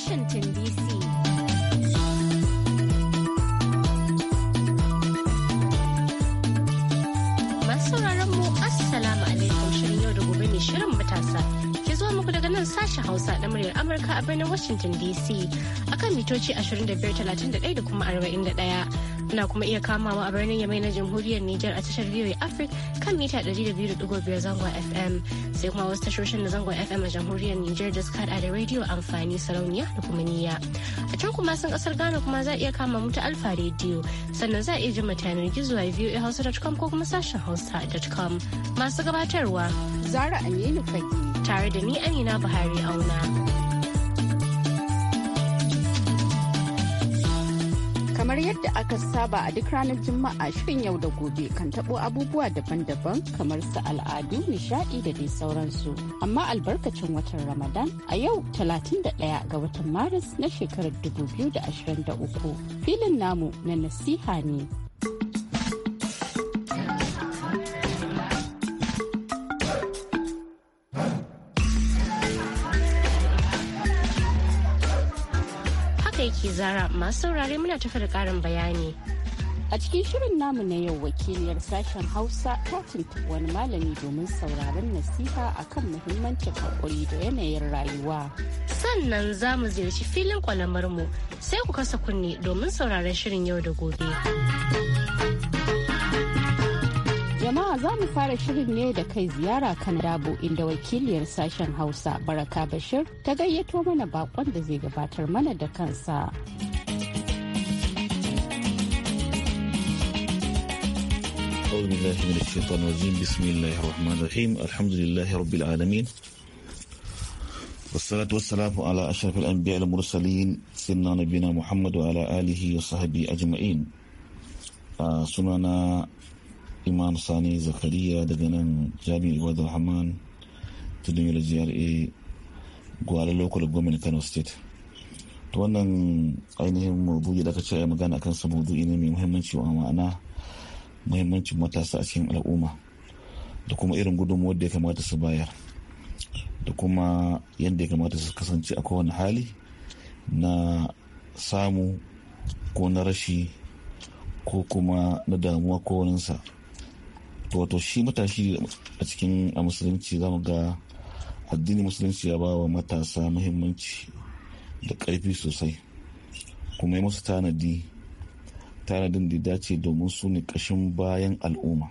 Washington DC. mu Assalamu alaikum shirin yau da gobe ne shirin matasa. Ki zuwa muku daga nan sashen Hausa na muryar Amurka a birnin Washington DC akan mitoci 2531 da kuma 41. Na kuma iya kamawa a birnin Yamai na Jamhuriyar Nijar a tashar VOA Africa kan mita 200.5 zangon FM. sai kuma wasu tashoshin na zangon fm a jamhuriyar niger da suka hada da radiyo amfani sarauniya da kuma niyya a can kuma sun kasar ghana kuma za a iya kama mu ta alfa radio sannan za a iya jima tanar gizo a voahausa.com ko kuma sashen hausa.com masu gabatarwa zara aminu fage tare da ni amina buhari auna. kamar yadda aka saba a duk ranar Juma'a shirin yau da gobe kan tabo abubuwa daban-daban kamar su al'adu, nishadi da dai sauransu. Amma albarkacin watan Ramadan a yau 31 ga watan Maris na shekarar 2023 filin namu na nasiha ne. ke Zara masu saurare muna tafi da ƙarin bayani. A cikin shirin namu na yau wakiliyar sashen Hausa ta tuntuɓi wani malami domin sauraron nasiha akan muhimmancin haƙuri da yanayin rayuwa. Sannan za mu ziyarci filin mu sai ku kasa kunne domin sauraron shirin yau da gobe. za mu fara shirin ne da kai ziyara kan dabo inda wakiliyar sashen Hausa Baraka Bashir ta gayyato mana bakon da zai gabatar mana da kansa. والصلاة والسلام على أشرف الأنبياء المرسلين سيدنا نبينا محمد وعلى آله وصحبه أجمعين sunana iman sani zakariya daga nan jami'ar wadda rahman tudun yau gra gwale local government kano state to wannan ainihin maudu'i da aka ce a magana akan sa maudu'i ne mai muhimmanci wa ma'ana muhimmancin matasa a cikin al'umma da kuma irin gudunmuwar da ya kamata su bayar da kuma yadda ya kamata su kasance a kowane hali na samu ko na rashi ko kuma na damuwa sa. wato shi matashi a cikin a musulunci zamu ga addinin musulunci ya ba wa matasa muhimmanci da ƙarfi sosai kuma ya musu tanadi tanadin da dace domin su ne ƙashin bayan al'umma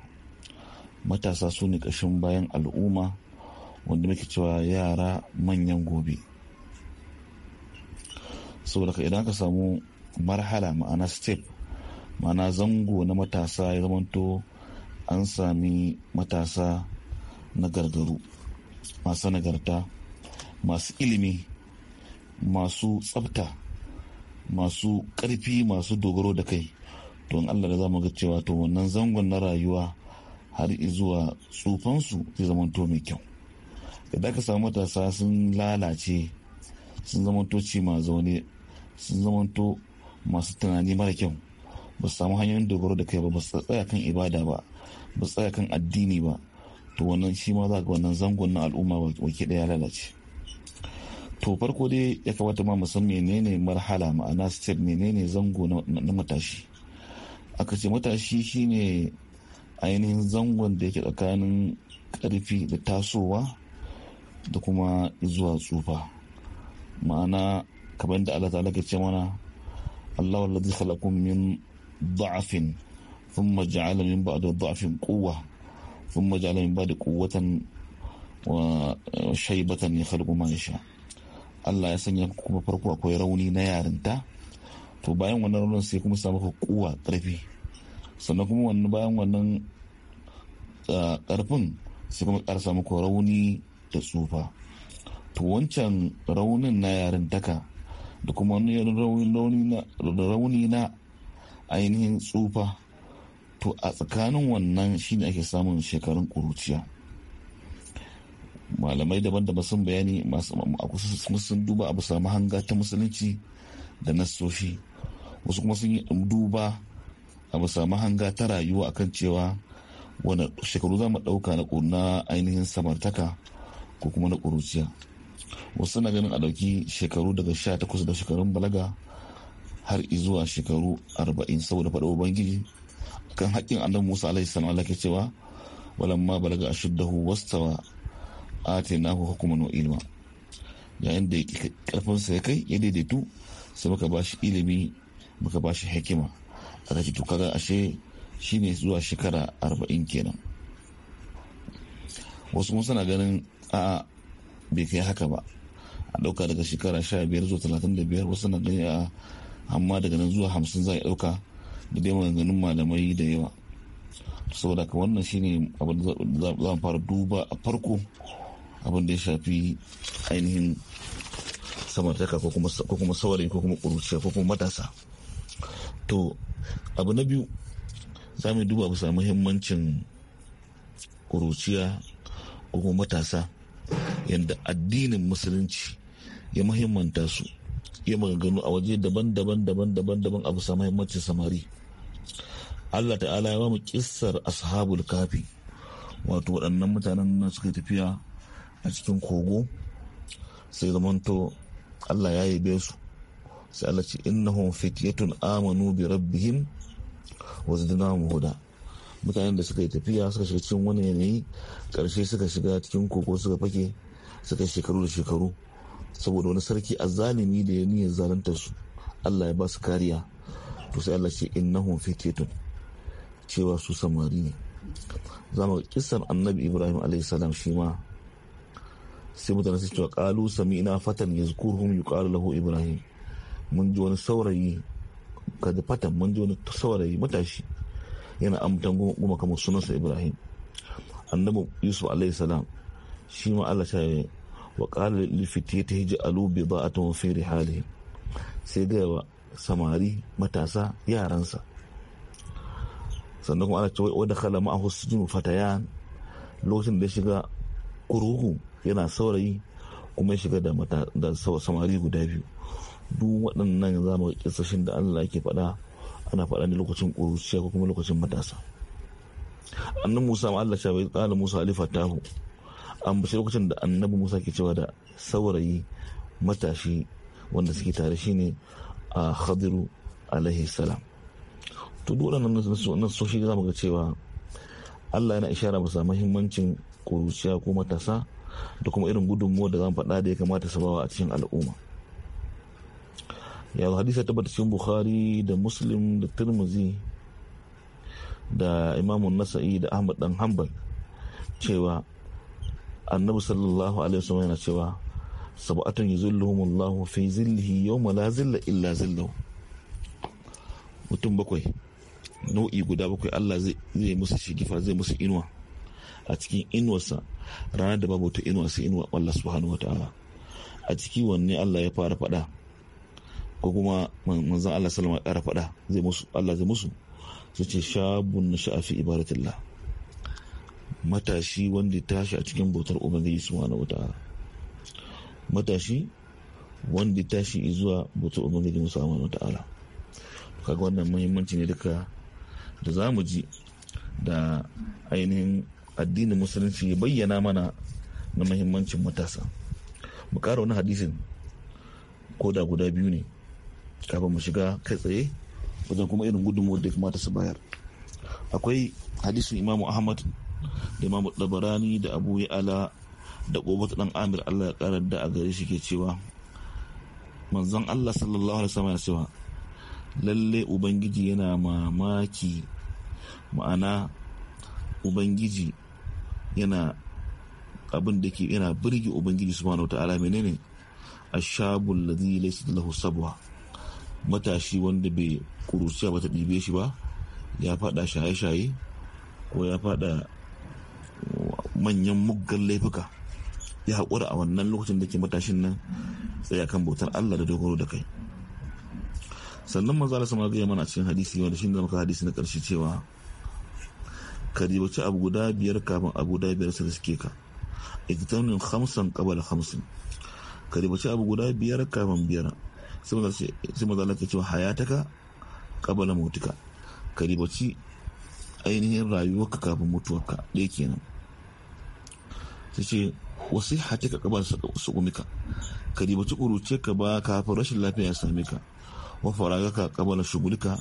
matasa su ne ƙashin bayan al'umma wanda muke cewa yara manyan gobe saboda ka idan ka samu marhala ma'ana step ma'ana zango na matasa ya zamanto an sami matasa na gargaru masu nagarta masu ilimi masu tsabta masu ƙarfi masu dogaro da kai don allah da za mu ga cewa to wannan zangon na rayuwa har zuwa tsufansu zai zamanto mai kyau idan aka samu matasa sun lalace sun zamanto ci ma zaune sun zamanto masu tunani mara kyau ba su samu hanyoyin dogaro da kai ba ba su tsaya kan ibada ba ba tsaya kan addini ba to wannan shi ma za ga wannan zangon na al'umma wake daya lalace to farko dai ya kamata ma san menene marhala ma'ana step menene zango na matashi aka ce matashi shine ainihin zangon da yake tsakanin karfi da tasowa da kuma zuwa tsufa ma'ana kamar da Allah ta'ala ce mana Allah wallazi khalaqukum min da'afin thumma ja'ala min ba'di dha'fin quwwa thumma ja'ala min ba'di quwwatan wa shaybatan yakhluqu ma yasha Allah ya sanya ku kuma farko akwai rauni na yarinta to bayan wannan raunin sai kuma samu ku karfi sannan kuma wannan bayan wannan karfin sai kuma ƙara samu ku rauni da tsufa to wancan raunin na yarintaka da kuma wani rauni na ainihin tsufa to a tsakanin wannan shine ake samun shekarun kuruciya malamai daban-daban sun bayani masu sun duba abu samu hanga ta musulunci da nassoshi wasu kuma sun yi duba abu samu hanga ta rayuwa akan cewa wani shekaru za mu ɗauka na ainihin samartaka ko kuma na ƙuruciya wasu na ganin a ɗauki shekaru daga sha takwas da shekarun balaga har izuwa shekaru arba'in saboda faɗo ubangiji kan haƙƙin annabi Musa alaihi salam Allah ke cewa walamma balaga ashuddahu wastawa atainahu hukman wa ilma yayin da karfinsa ya kai ya daidaitu sai muka bashi ilimi muka bashi hikima a kaci to kaga ashe shine zuwa shekara arba'in kenan wasu kuma suna ganin a bai kai haka ba a dauka daga shekara sha biyar zuwa talatin da biyar wasu suna ganin a amma daga nan zuwa hamsin za a dauka da dai maganganun malamai da yawa saboda ka wannan shine abin da za mu fara duba a farko abin da ya shafi ainihin samartaka ko kuma saurayi ko kuma ƙuruciya ko kuma matasa to abu na biyu za mu duba bisa muhimmancin ƙuruciya ko kuma matasa yadda addinin musulunci ya muhimmanta su ya maganganu a waje daban-daban daban-daban daban a bisa muhimmancin samari Allah ta'ala ya ba mu kissar ashabul kafi wato waɗannan mutanen nan suka tafiya a cikin kogo sai zamanto Allah ya yabe su sai Allah ce innahum fityatun amanu bi rabbihim wa zadnahum huda mutanen da suka yi tafiya suka shiga cikin wani yanayi karshe suka shiga cikin kogo suka fake suka shekaru da shekaru saboda wani sarki azalimi da ya niyyar zaluntar su Allah ya ba su kariya to sai Allah ce innahum fityatun cewa su samari ne za mu kisan annabi ibrahim alaihissalam shi ma sai mutane su cewa kalu sami ina fatan ya zukurhum yi kalu lahu ibrahim mun ji wani saurayi ka da fatan mun ji wani saurayi matashi yana amtan goma kamar sunansa ibrahim annabi yusuf alaihissalam shi ma allah shaye wa kala lifiti ta hiji alu ba a tawon fere hali sai gaya wa samari matasa yaransa sannan kuma ana cewa wadda kala ma'a husnul fataya lokacin da ya shiga kuruhu yana saurayi kuma ya shiga da samari guda biyu duk waɗannan za mu kisashin da Allah ke faɗa ana faɗa ne lokacin ƙuruciya ko kuma lokacin matasa annan Musa ma Allah ya ƙala Musa ali fatahu an bashi lokacin da annabi Musa ke cewa da saurayi matashi wanda suke tare shine a Khadiru alaihi salam to duk waɗannan shi za mu ga cewa allah yana ishara masa mahimmancin kuruciya ko matasa da kuma irin gudunmuwa da zan faɗa da ya kamata su bawa a cikin al'umma yau hadisa tabbata cikin bukhari da muslim da turmuzi da imamun nasa'i da ahmad dan hanbal cewa annabi sallallahu alaihi wasallam yana cewa sab'atun yuzilluhumullahu fi zillihi yawma la zilla illa zillahu mutum bakwai nau'i guda bakwai Allah zai musu shigifa zai musu inuwa a cikin inuwarsa ranar da babu ta inuwa sai inuwa Allah subhanahu wataala a ciki wanne Allah ya fara faɗa ko kuma manzan Allah salama ya ƙara faɗa zai musu Allah zai musu su ce shabun na sha'afi ibadatillah matashi wanda ya tashi a cikin bautar ubangiji subhanahu wataala matashi wanda ya tashi zuwa bautar ubangiji subhanahu wataala kaga wannan muhimmanci ne duka da za mu ji da ainihin addinin musulunci ya bayyana mana na mahimmancin matasa mu kara wani hadisin ko da guda biyu ne kafin mu shiga kai tsaye wajen kuma irin gudunmuwar da ya kamata su bayar akwai hadisin imamu ahmad da imamu dabarani da abu ala da ƙobata ɗan amir allah ya ƙarar da a gare shi ke cewa manzon allah sallallahu alaihi wasallam ya cewa lalle ubangiji yana mamaki ma'ana ubangiji yana abin da ke yana birge ubangiji subhanahu wa ta'ala menene ashabul ladhi laysa lahu sabwa matashi wanda bai kurusiya ba ta ɗibe shi ba ya fada shaye-shaye ko ya fada manyan muggan laifuka ya haƙura a wannan lokacin da ke matashin nan sai kan bautar Allah da dogaro da kai sannan maza da sama zai mana cikin hadisi wanda shi da muka hadisi na karshe cewa ka ribaci abu guda biyar kafin abu guda biyar su suke ka ikitamin hamsin kabal hamsin ka ribaci abu guda biyar kafin biyar sai maza da cewa hayataka kabala mutuka ka ribaci ainihin rayuwarka kafin mutuwarka ɗaya kenan ta ce wasu hati ka kaba su gumika ka ribaci ƙuruce ka ba kafin rashin lafiya ya same ka wa faraga ka kamala shugulika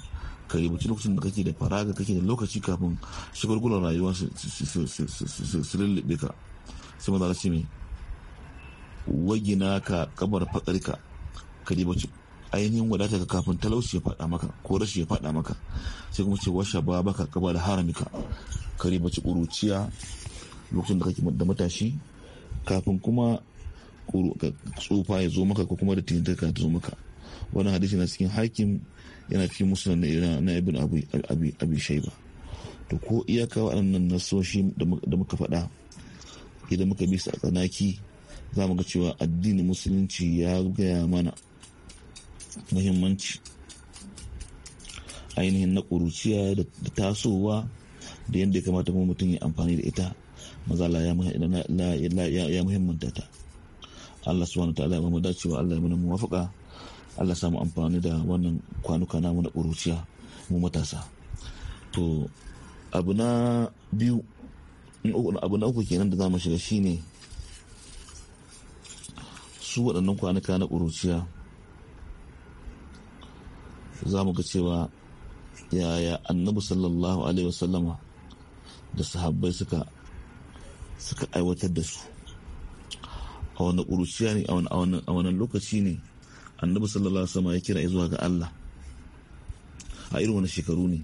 ka yi lokacin da kake da faraga kake da lokaci kafin shagulgulan rayuwa su lullube ka sai maza ce mai wagina ka kamar fakarka ka ribaci ainihin wadata ka kafin talauci ya fada maka ko rashi ya fada maka sai kuma ce washa ba baka kaba da haramika ka ribaci kuruciya lokacin da kake da matashi kafin kuma tsufa ya zo maka ko kuma da tinta ka zo maka wani hadisi na cikin hakim yana cikin musulun na ibn abi shaiba to ko iyaka waɗannan nasoshi da muka faɗa idan muka bi su a tsanaki za mu ga cewa addinin musulunci ya gaya mana muhimmanci ainihin na ƙuruciya da tasowa da yadda ya kamata mu mutum ya amfani da ita mazala ya muhimmanta ta Allah subhanahu wa ta'ala ya mu dacewa Allah ya mu muwafaqa allah samu amfani da wannan kwanuka namu na ƙuruciya mu matasa to abu na biyu abu na uku kenan da za mu shiga shine su waɗannan kwanuka na ƙuruciya za mu ga cewa yaya annabi sallallahu alaihi wasallama da sahabbai suka suka aiwatar da su a wani ƙuruciya ne a wani lokaci ne annabi sallallahu alaihi wasallam ya kira zuwa ga Allah a irin wani shekaru ne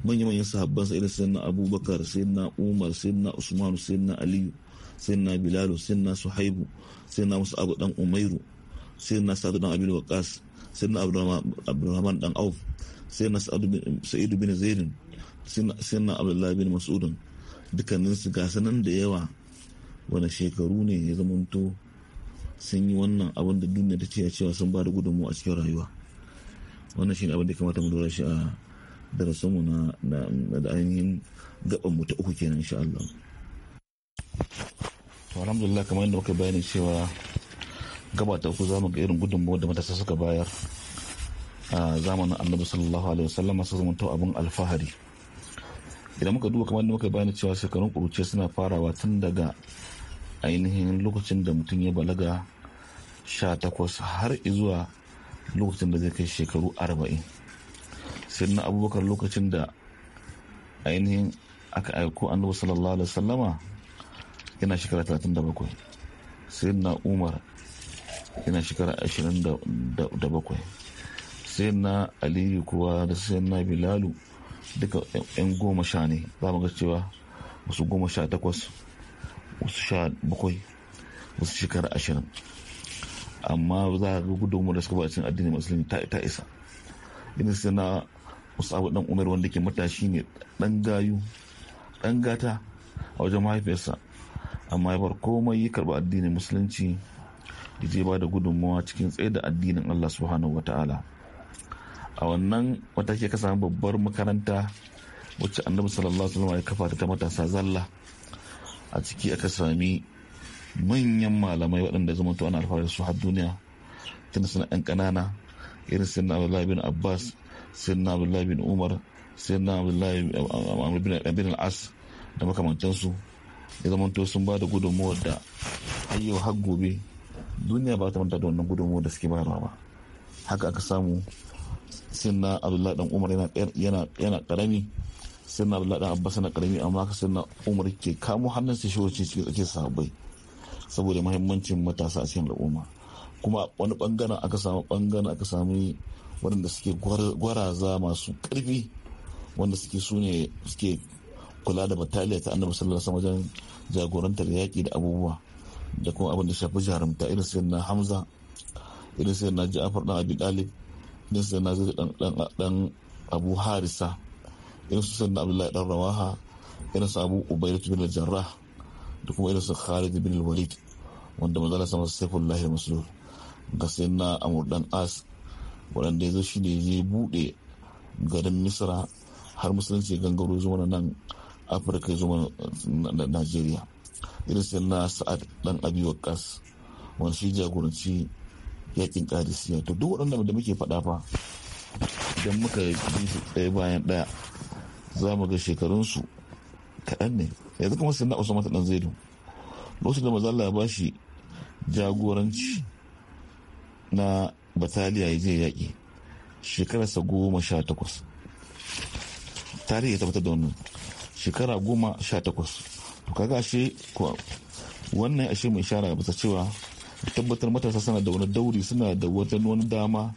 manyan manyan sahabban sa irin sayyidina Abubakar sayyidina Umar sayyidina Usman sayyidina Aliyu sayyidina Bilal sayyidina Suhaibu sayyidina Musa Abu dan Umairu sayyidina Sa'd dan Abi Waqqas sayyidina Abdurrahman dan Auf sayyidina Sa'id bin Zaid sayyidina Abdullah bin Mas'ud dukkanin su gasanan da yawa wani shekaru ne ya zamanto sun yi wannan abin da duniya ta ce cewa sun ba da gudunmu a cikin rayuwa wannan shi ne abin da kamata mu lura shi a darasinmu na da ainihin gaban mu ta uku kenan insha Allah to alhamdulillah kamar yadda muka bayani cewa gaba ta uku zamu ga irin gudunmu da matasa suka bayar a zamanin annabi sallallahu alaihi wasallam su zama abin alfahari idan muka duba kamar da muka bayani cewa shekarun kuruce suna farawa tun daga ainihin lokacin da mutum ya balaga 18 har zuwa lokacin da zai kai shekaru 40 sai na abubakar lokacin da ainihin aka aiko annabi sallallahu alaihi wasallama yana shekara 37 sai na umar yana shekara 27 sai na aliyu kuwa da sai na bilalu duka 'yan goma sha ne za mu ga cewa wasu goma sha takwas wasu sha bakwai wasu shekara ashirin amma za a ga gudunmu da suka ba cin addinin musulmi ta isa irin sana wasu abu dan umar wanda ke matashi ne dan gayu dan gata a wajen mahaifiyarsa amma ya bar komai ya karba addinin musulunci da je ba da gudunmawa cikin tsaye da addinin Allah subhanahu wa ta'ala a wannan mataki ke kasa babbar makaranta wacce annabi sallallahu alaihi wasallam ya kafa ta matasa zalla a ciki aka sami manyan malamai waɗanda zama to ana alfahari su har duniya tun suna ɗan ƙanana irin sinna abdullahi bin abbas sinna abdullahi bin umar sinna abdullahi eh, eh, eh, bin al'as da makamantansu ya zama to sun ba da gudunmuwa da ayyau har gobe duniya ba ta manta da wannan gudunmuwa da suke bayarwa ba haka aka samu sinna abdullahi dan umar yana karami sai na abdullahi abbas na karami amma ka sai na umar ke kamo hannun su shi wace cikin tsakiyar sahabbai saboda mahimmancin matasa a cikin al'umma kuma wani bangaren aka samu bangaren aka samu waɗanda suke gwaraza masu ƙarfi wanda suke su ne suke kula da bataliya ta annabi sallallahu sama wajen jagorantar yaƙi da abubuwa da kuma abin da shafi jarumta irin sai na hamza irin sai na ja'afar dan abi dalib irin sai na zai dan abu harisa irin su sannan abdullahi dan rawaha irin su abu ubaidat bin jarrah da kuma irin su khalid bin walid wanda manzala sama saifullahi maslul ga sayyidina amur dan as waɗanda ya zo shi ne zai buɗe garin misra har musulunci gangaro zuwa nan afirka zuwa najeriya irin na sa'ad dan abi waqas wani shi jagoranci yakin kadisiya to duk waɗanda da muke faɗa fa idan muka yi su ɗaya bayan ɗaya za mu ga shekarunsu kaɗan ne yanzu kuma sai na mata ta zaidu lokacin da mazalla ba shi jagoranci na bataliya ya je yaƙi shekararsa goma sha takwas tarihi ya tabbatar da wannan shekara goma sha takwas to kaga ashe wannan ashe mai shara bisa cewa tabbatar matasa suna da wani dauri suna da wata wani dama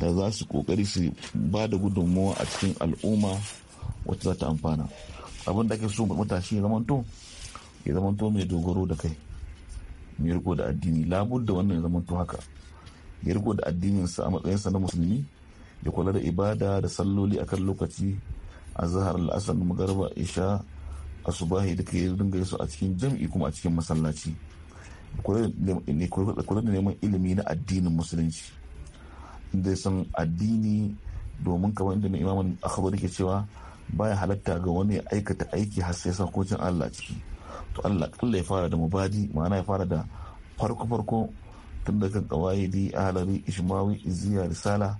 da za su kokari su ba da gudunmuwa a cikin al'umma wacce za ta amfana abin da ake so matashi ya to ya to mai dogaro da kai mai riko da addini labu da wannan ya zamanto haka ya riko da sa a matsayin sa na musulmi ya kula da ibada da salloli akan lokaci a zahar la'asar magarba isha asubahi da ke dinga su a cikin jami'i kuma a cikin masallaci kula da neman ilimi na addinin musulunci inda san addini domin kamar inda mai imaman akhbar ke cewa baya halatta ga wani aikata aiki har sai sakokin Allah ciki to Allah kalla ya fara da mubadi ma'ana ya fara da farko farko tun daga kawai di alari ishmawi iziya risala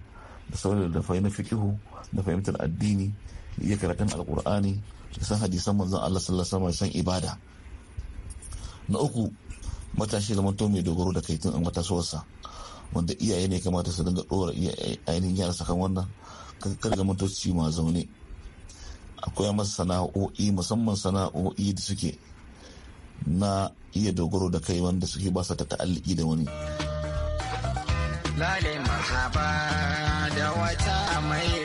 da sauran da fahimtar fikihu da fahimtar addini ya karatun alkur'ani da san hadisan manzon Allah sallallahu alaihi san ibada na uku matashi da mato mai dogaro da kai tun an wata wanda iyaye ne kamata su dinga dora ainihin yara sakan wannan kar zama to ci ma zaune akwai masa sana'o'i musamman sana'o'i da suke na iya dogaro da kai wanda suke basa ta ta'alliki da wani. Lale mahaba da wata mai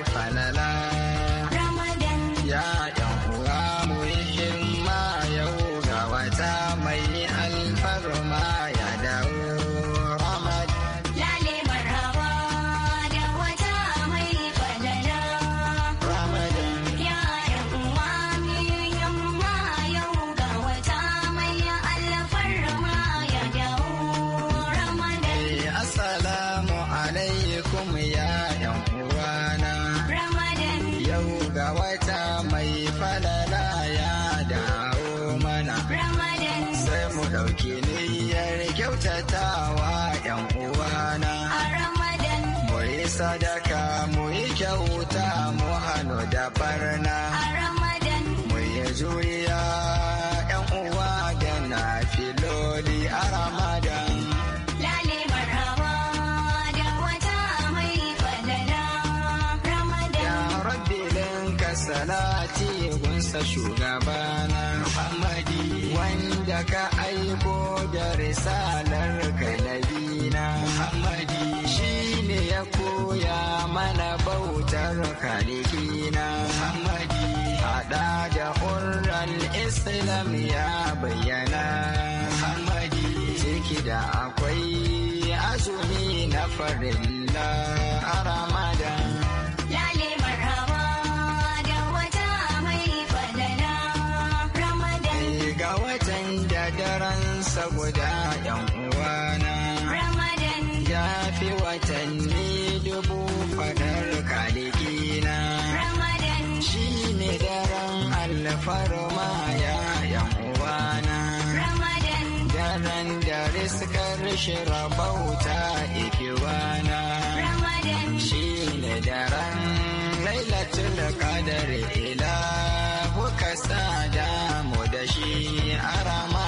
sa shugabana Muhammadi wanda ka aiko da risalar kalabina. Muhammadu shi ne ya koya mana bautar kalikina Muhammadi hada da hurran Islam ya bayyana Muhammadi ciki da akwai azumi na farin yare suka rashe rabauta ikiwana shi ne daren da kadare ila kuka sa damu da shi rama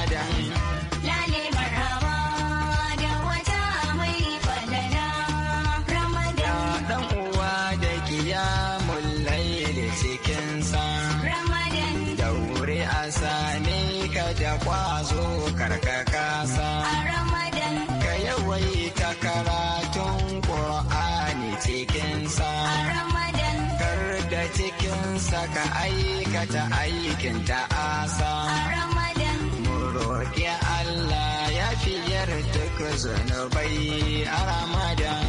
ta aikin ta'asa. Mu roƙi Allah ya fiyar duk zunubai a Ramadan.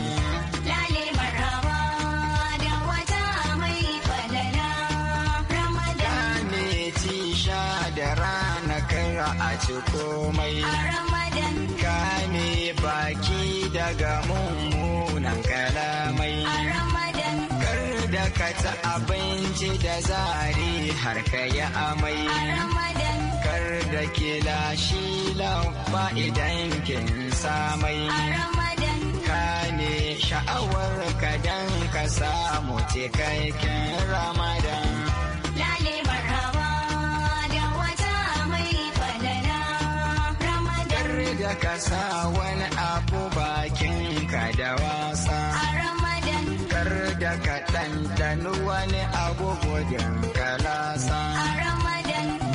A ci komai. A Ramadan. Kame baki daga mummunan kalamai. A Ramadan. ka abinci da zari har ka yi amai kar da ke lashi lafa idan kin samai ka ne sha'awar ka dan ka samu cikakken ramadan da ka sa wani abu bakin ka dawa gudun kalasa.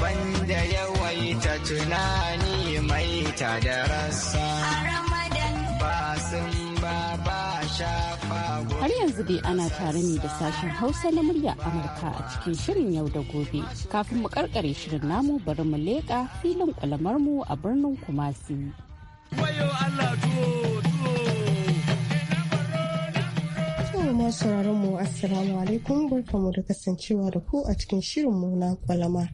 Banda yawaita tunani mai ta da rasa. Ba sun ba ba shafa Har yanzu dai ana tare ne da sashen Hausa na murya Amurka a cikin shirin yau da gobe. Kafin mu karkare shirin namu bari mu leƙa filin mu a birnin Kumasi. Wayo Allah tuwo kuma sauraron mu assalamu alaikum mu da kasancewa da ku a cikin shirinmu na kwalama.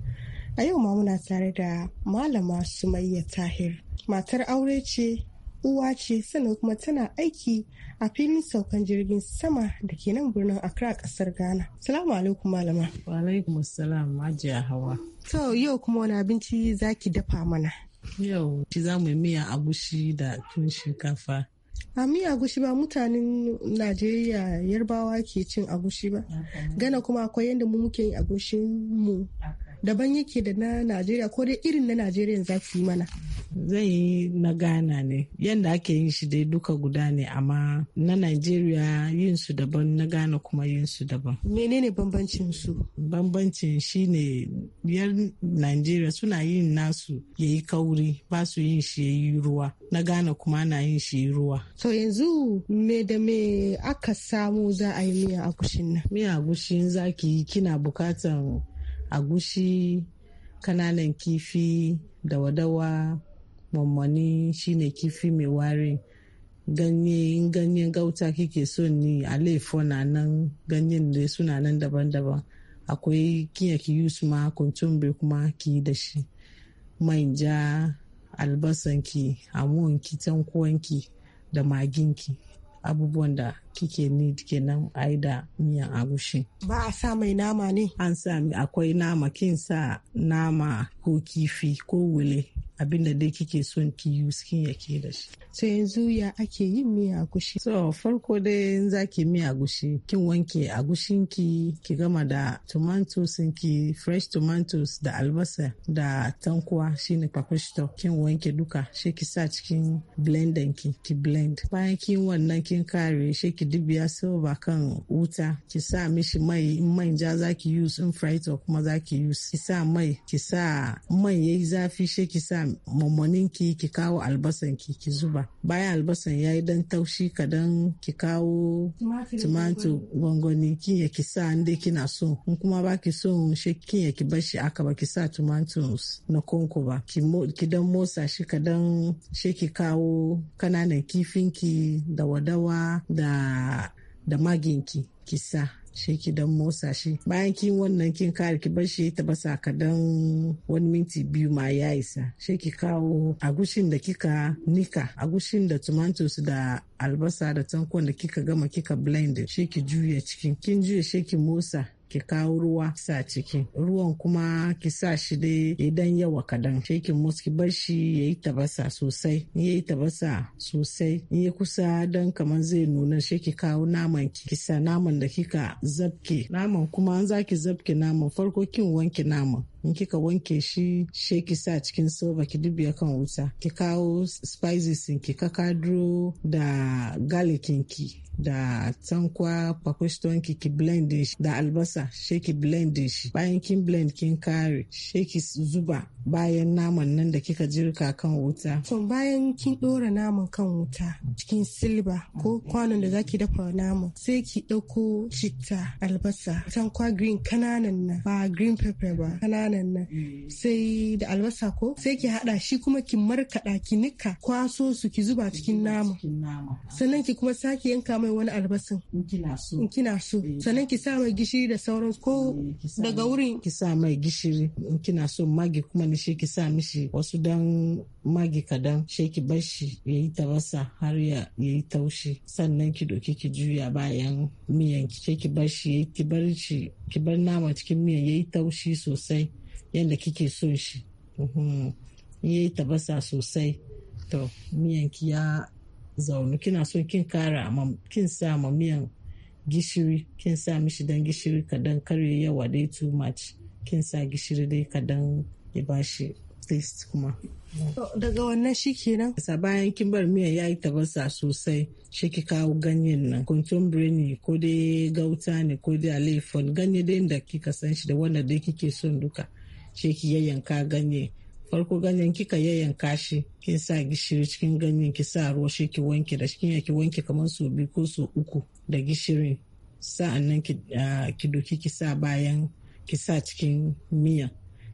A yau ma muna tare da malama Sumayya Tahir. Matar aure ce, uwa ce, sannan kuma tana aiki a filin saukan jirgin sama da ke nan birnin Accra kasar Ghana. Salamu alaikum malama. Wa alaikum assalam Hawa. To yau kuma wani abinci zaki dafa mana. Yau, za mu miya agushi da tun shinkafa a miya agushi ba mutanen najeriya yarbawa ke cin agushi ba gana kuma akwai yadda mu muke yin agushin mu daban yake da na najeriya ko dai irin na najeriya za ki yi mana zan yi na ghana ne yadda ake yin shi dai duka guda ne amma na najeriya yin su daban na ghana kuma yin su daban menene bambancin su bambancin shine yar najeriya suna yin nasu yayi kauri ba su yin shi yi ruwa na ghana kuma na yin shi ruwa to yanzu me da me aka samu za a yi miya agushin nan miya ki zaki kina bukatan agushi kananan kifi da wadawa mammani shine kifi mai wari ganye ganyen gauta kike so ni alefo na nan ganyen da suna nan daban-daban akwai kiya ki yusu ma kuntumbe kuma ki da shi manja albasanki amonki tankuwanki da maginki abubuwan da kike ni kenan nan da miyan agushi. Ba a sa mai nama ne? An sami akwai nama kin sa nama ko kifi ko wule abin da dai kike son pus kin yake da shi to yanzu ya ake yin miya gushi so farko dai za ki miya gushi kin wanke agushinki ki ki gama da tomatoes ki fresh tomatoes da albasa da tankuwa shine pakwashto kin wanke duka she ki sa cikin blender ki ki blend bayan kin wannan kin kare she ki dibiya silva kan wuta ki sa mishi mai in manja za ki use in fry kuma za ki use ki sa mai ki sa mai yayi zafi she ki sa mammanin ki ki kawo albasan ki ki zuba bayan albasan ya yi dan taushi kadan ki kawo tumatur gwangwani kin ya ki sa inda kina so in kuma ba ki so shi kin ya ki bashi aka ba ki sa tumatur na konko ba ki dan motsa shi kadan shi ki kawo kananan kifinki ki da wadawa da da maginki ki sa shi dan motsa shi bayan kin wannan kin kare ki bar shi ta basa ka dan wani minti biyu ma ya isa shi ki kawo agushin da kika nika agushin da tomatoes da albasa da tankon da kika gama kika blend shi ki juya cikin kin juya shi ki motsa ki kawo ruwa sa ciki ruwan kuma ki sa shi dai idan yawa kadan sai ki ki bar shi yayi tabasa sosai in yayi tabasa sosai in ya kusa dan kamar zai nuna sai ki kawo naman ki ki naman da kika zabke naman kuma an zaki zabke naman farko kin wanke naman in kika wanke shi she ki sa cikin soba ki dubiya kan wuta ki kawo spices ki kakadro da garlic ki da tankwa pakistan ki ki blend shi da albasa she ki blend shi bayan kin blend kin kare she ki zuba bayan naman nan da kika jirka kan wuta to bayan kin dora naman kan wuta cikin silba ko kwanon da zaki dafa naman sai ki dauko citta albasa tankwa green kananan na. ba green pepper ba kananan ƙananan nan mm. sai da albasa ko sai ki haɗa shi kuma ki markada ki nika kwaso su ki zuba cikin nama sannan ki kuma sake yanka mai wani albasin in kina so eh. sannan ki sa mai gishiri da sauran ko eh, daga wurin ki sa mai gishiri in kina so magi kuma ne shi sa mishi wasu dan magi kadan shi ki bar shi yayi tabasa har ya yayi taushi sannan ki doki ki juya bayan miyan ki ki bar shi ki bar shi ki bar nama cikin miyan yayi taushi sosai yadda kike so shi ya yi tabasa sosai to miyanki ya zaunu kina so kin kara kin sa ma miyan gishiri kin sa mishi dan gishiri kadan kare yawa dai too much kin sa gishiri dai kadan ya bashi taste kuma daga wannan shi kenan sa bayan kin bar miyan ya yi tabasa sosai shi ki kawo ganyen nan kuntun ne ko dai gauta ne ko dai alefon ganye dai da kika san shi da wanda dai kike son duka ce ki yayyanka ganye farko ganyen kika yayyanka shi kin sa gishiri cikin ganyen ki sa ruwa shi ki wanke da shi ki wanke kamar su biyu ko su uku da gishirin sa'annan ah, ki doki ki sa bayan ki sa cikin miya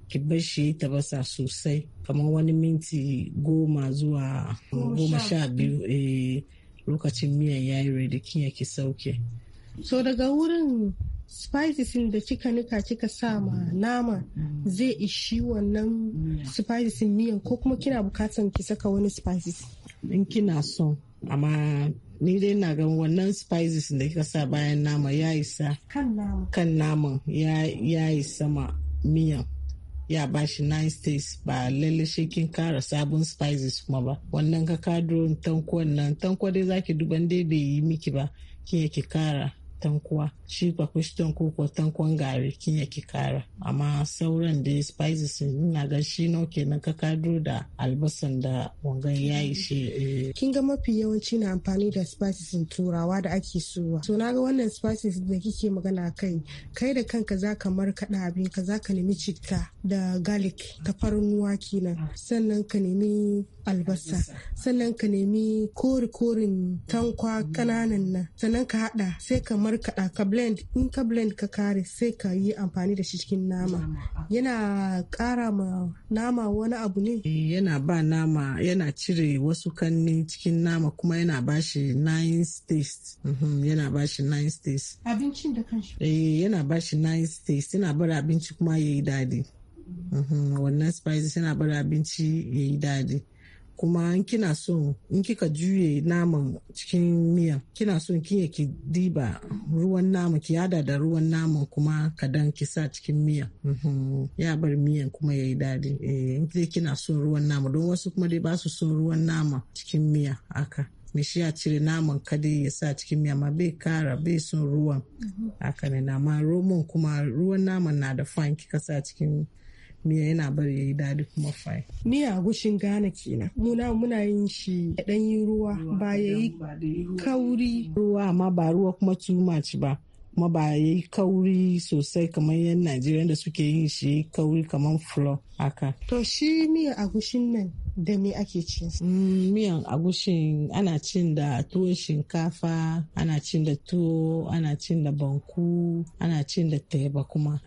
ki bar shi tabasa sosai kamar wani minti goma zuwa goma sha biyu eh, lokacin miyan yayi ready kin ki sauke so daga wurin spices da kika nika kika sa ma nama zai ishi wannan spices miyan ko kuma kina bukatan ki saka wani spices in kina so amma ni dai na ga wannan spices da kika sa bayan nama ya isa kan nama ya isa ma miyan ya ba shi nine states ba lalle shi kin kara sabon spices kuma ba wannan ka kadro tanko nan tanko dai zaki duban dai bai yi miki ba kin yake kara tankwa shi akwai shi ko ko tankon gari kin ya kara amma sauran da spices ina ga shi no kenan ka kado da albasan da wangan yayi shi eh. kin ga mafi yawanci na amfani da spices turawa da ake suwa to naga wannan spices da kike magana kai kai da kanka zaka markaɗa abin ka zaka nemi citta da garlic tafarnuwa kenan sannan ka nemi albasa sannan ka nemi kori korin tankwa kananan nan sannan ka hada sai ka kamar kaɗa ka blend in ka blend ka kare sai ka yi amfani da shi cikin nama ah. yana ƙara ma nama wani abu ne eh, yana ba nama yana cire wasu kanni cikin nama kuma yana ba shi nine states mhm, yana ba shi nine states abincin da kan shi eh, yana ba shi nine states yana bar abinci kuma ya yi daɗi mhm, wannan spices yana bar abinci ya yi daɗi kuma in kina so in kika juye naman cikin miya kina so in kiyaye ki diba ruwan naman ki yada da ruwan naman kuma kadan ki sa cikin miya mhm. ya bar miyan kuma yayi dadi eh, in dai kina so ruwan nama don wasu kuma dai ba su so ruwan nama cikin miya aka me shi ya cire naman kadai ya sa cikin miya ma bai kara bai son ruwan mhm. haka ne na ma roman kuma ruwan naman na da fan kika sa cikin miya yana bari ya yi daɗi kuma fai Ni a gushin Ghana kenan. Muna muna yin shi ɗanyi yi ruwa ba ya yi kauri ruwa amma ba ruwa kuma too much ba. kuma ba yi kauri sosai kamar yan najeriya da suke yin shi kauri kamar flo haka to shi miyan agushin nan da me ake cin mm, miyan agushin ana cin da tuwon shinkafa ana cin da tuwo ana cin da banku ana cin da teba kuma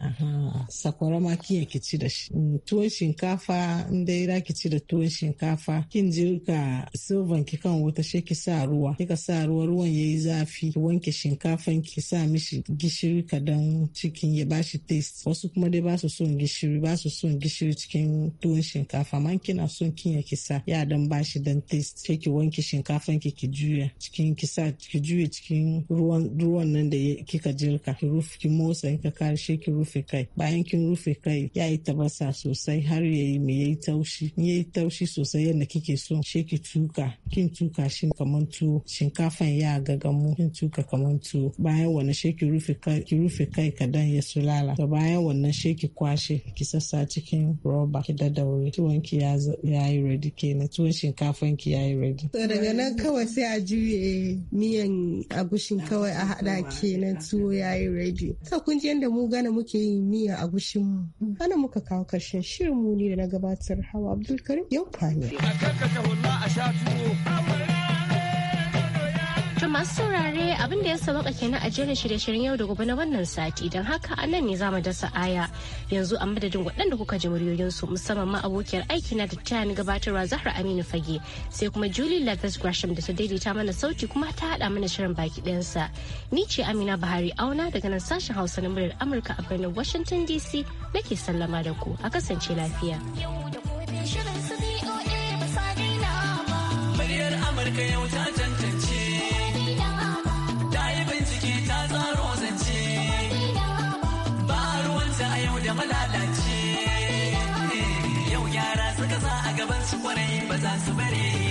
sakwara ma ki ci da shi mm, tuwon shinkafa in dai ra ki ci da tuwon shinkafa kin ka silvan ki kan wuta shi ki sa ruwa kika sa ruwa ruwan ya yi zafi ki wanke shinkafan ki sa mishi gishiri kadan cikin ya bashi taste wasu kuma dai ba su son gishiri ba su son gishiri cikin tuwon shinkafa man kina son kinya kisa ya dan bashi dan taste sai ki wanke shinkafan ki ki juya cikin kisa ki juya cikin ruwan ruwan nan da kika jirka ki rufe ki motsa in ka karshe ki rufe kai bayan kin rufe kai ya yi tabasa sosai har ya yi me ya yi taushi in ya taushi sosai yadda kike so she ki tuka kin tuka shi kaman tuwo shinkafan ya gagamu kin tuka kaman tuwo bayan wani she ki rufe kai ki rufe kai kadan ya sulala to bayan wannan shi ki kwashe ki sassa cikin roba ki daddaure tuwon ki ya yi ready kenan tuwon shinkafan ki ya yi ready to daga nan kawai sai a juye miyan agushin kawai a hada kenan tuwo ya yi ready to kun ji yadda mu gana muke yin miyan agushin mu ana muka kawo karshen shirin mu ne da na gabatar hawa abdulkarim yau kwani a kakkata wallah a sha tuwo To masu saurare abin da ya sabaka kenan a jerin shirye-shiryen yau da gobe na wannan sati don haka a nan ne za mu dasa aya yanzu a madadin waɗanda kuka ji muryoyinsu musamman ma abokiyar aiki na da tayan gabatarwa Zahra Aminu Fage sai kuma Julie Lathis Gresham da ta daidaita mana sauti kuma ta haɗa mana shirin baki ɗayansa. Ni ce Amina Bahari Auna daga nan sashen Hausa na muryar Amurka a birnin Washington DC nake sallama da ku a kasance lafiya. Yau da gobe shirin su ba sa daina ba. Muryar Amurka yau ta but ba za su bare